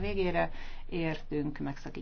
végére értünk, megszakítjuk.